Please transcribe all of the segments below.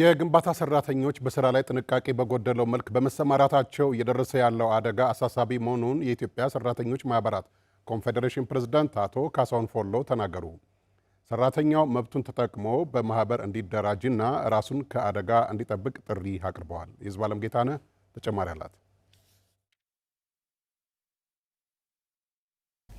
የግንባታ ሰራተኞች በስራ ላይ ጥንቃቄ በጎደለው መልክ በመሰማራታቸው እየደረሰ ያለው አደጋ አሳሳቢ መሆኑን የኢትዮጵያ ሰራተኞች ማህበራት ኮንፌዴሬሽን ፕሬዝዳንት አቶ ካሳሁን ፎሎ ተናገሩ። ሰራተኛው መብቱን ተጠቅሞ በማህበር እንዲደራጅና ራሱን ከአደጋ እንዲጠብቅ ጥሪ አቅርበዋል። የህዝብ አለም ጌታነህ ተጨማሪ አላት።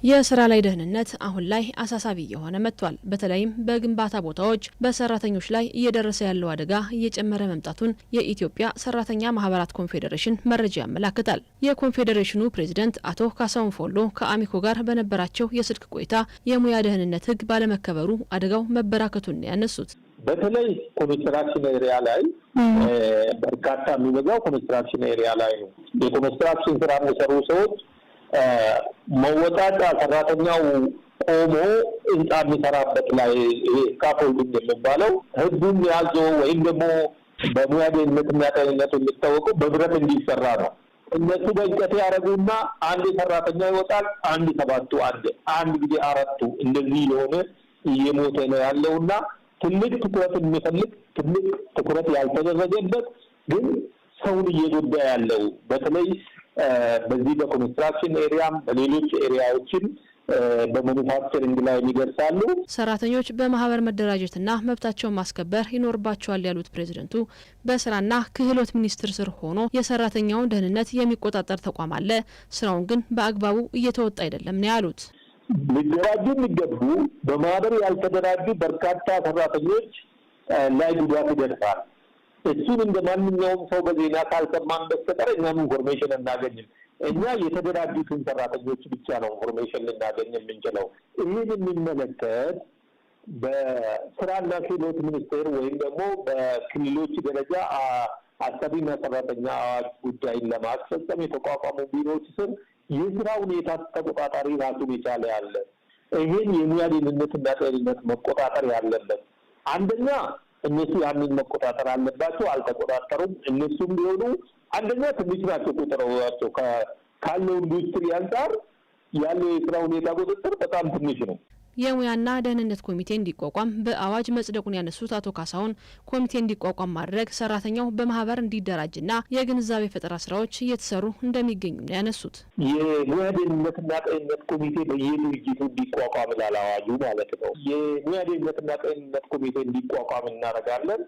የስራ ላይ ደህንነት አሁን ላይ አሳሳቢ እየሆነ መጥቷል። በተለይም በግንባታ ቦታዎች በሰራተኞች ላይ እየደረሰ ያለው አደጋ እየጨመረ መምጣቱን የኢትዮጵያ ሰራተኛ ማህበራት ኮንፌዴሬሽን መረጃ ያመላክታል። የኮንፌዴሬሽኑ ፕሬዚደንት አቶ ካሳሁን ፎሎ ከአሚኮ ጋር በነበራቸው የስልክ ቆይታ የሙያ ደህንነት ሕግ ባለመከበሩ አደጋው መበራከቱን ያነሱት በተለይ ኮንስትራክሽን ኤሪያ ላይ በርካታ የሚበዛው ኮንስትራክሽን ኤሪያ ላይ ነው። የኮንስትራክሽን ስራ የሚሰሩ ሰዎች መወጣጫ ሰራተኛው ቆሞ ህንፃ የሚሰራበት ላይ ይሄ ስካፎልዲንግ የሚባለው ህጉም ያዞ ወይም ደግሞ በሙያተኝነት የሚያጠኝነቱ የሚታወቀው በብረት እንዲሰራ ነው። እነሱ በእንጨት ያደረጉና አንድ ሰራተኛ ይወጣል፣ አንድ ሰባቱ አንድ አንድ ጊዜ አራቱ እንደዚህ የሆነ እየሞተ ነው ያለውና ትልቅ ትኩረት የሚፈልግ ትልቅ ትኩረት ያልተደረገበት ግን ሰውን እየጎዳ ያለው በተለይ በዚህ በኮንስትራክሽን ኤሪያም በሌሎች ኤሪያዎችም በማኑፋክቸሪንግ ላይ ይደርሳሉ። ሰራተኞች በማህበር መደራጀትና መብታቸውን ማስከበር ይኖርባቸዋል ያሉት ፕሬዚደንቱ በስራና ክህሎት ሚኒስቴር ስር ሆኖ የሰራተኛውን ደህንነት የሚቆጣጠር ተቋም አለ፣ ስራውን ግን በአግባቡ እየተወጣ አይደለም ነው ያሉት። ሊደራጁ የሚገቡ በማህበር ያልተደራጁ በርካታ ሰራተኞች ላይ ጉዳት ይደርሳል። እሱን እንደ ማንኛውም ሰው በዜና ካልሰማን በስተቀር እኛም ኢንፎርሜሽን እናገኝም። እኛ የተደራጁትን ሰራተኞች ብቻ ነው ኢንፎርሜሽን ልናገኝ የምንችለው። ይህን የሚመለከት በስራና ክህሎት ሚኒስቴር ወይም ደግሞ በክልሎች ደረጃ አሰሪና ሰራተኛ አዋጅ ጉዳይን ለማስፈጸም የተቋቋሙ ቢሮዎች ስር የስራ ሁኔታ ተቆጣጣሪ ራሱን የቻለ ያለ ይህን የሙያ ደህንነትና ጤንነት መቆጣጠር ያለበት አንደኛ እነሱ ያንን መቆጣጠር አለባቸው። አልተቆጣጠሩም። እነሱም ቢሆኑ አንደኛ ትንሽ ናቸው ቁጥራቸው ካለው ኢንዱስትሪ አንጻር ያለው የስራ ሁኔታ ቁጥጥር በጣም ትንሽ ነው። የሙያና ደህንነት ኮሚቴ እንዲቋቋም በአዋጅ መጽደቁን ያነሱት አቶ ካሳሁን ኮሚቴ እንዲቋቋም ማድረግ ሰራተኛው በማህበር እንዲደራጅና የግንዛቤ ፈጠራ ስራዎች እየተሰሩ እንደሚገኙ ነው ያነሱት። የሙያ ደህንነትና ጤንነት ኮሚቴ በየድርጅቱ እንዲቋቋም ይላል አዋጁ ማለት ነው። የሙያ ደህንነትና ጤንነት ኮሚቴ እንዲቋቋም እናደርጋለን።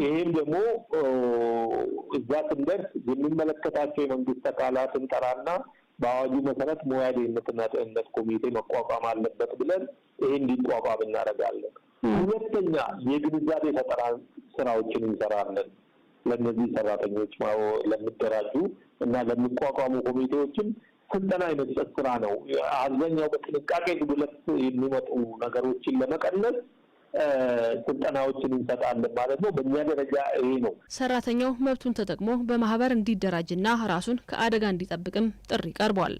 ይህም ደግሞ እዛ ስንደርስ የሚመለከታቸው የመንግስት አካላት እንጠራና በአዋጁ መሰረት ሙያ ደህንነትና ጤንነት ኮሚቴ መቋቋም አለበት ብለን ይሄ እንዲቋቋም እናደርጋለን። ሁለተኛ የግንዛቤ ፈጠራ ስራዎችን እንሰራለን። ለእነዚህ ሰራተኞች ለሚደራጁ እና ለሚቋቋሙ ኮሚቴዎችም ስልጠና የመስጠት ስራ ነው። አብዛኛው በጥንቃቄ ጉድለት የሚመጡ ነገሮችን ለመቀነስ ስልጠናዎችን እንሰጣለን ማለት ነው። በእኛ ደረጃ ይሄ ነው። ሰራተኛው መብቱን ተጠቅሞ በማህበር እንዲደራጅና ራሱን ከአደጋ እንዲጠብቅም ጥሪ ቀርቧል።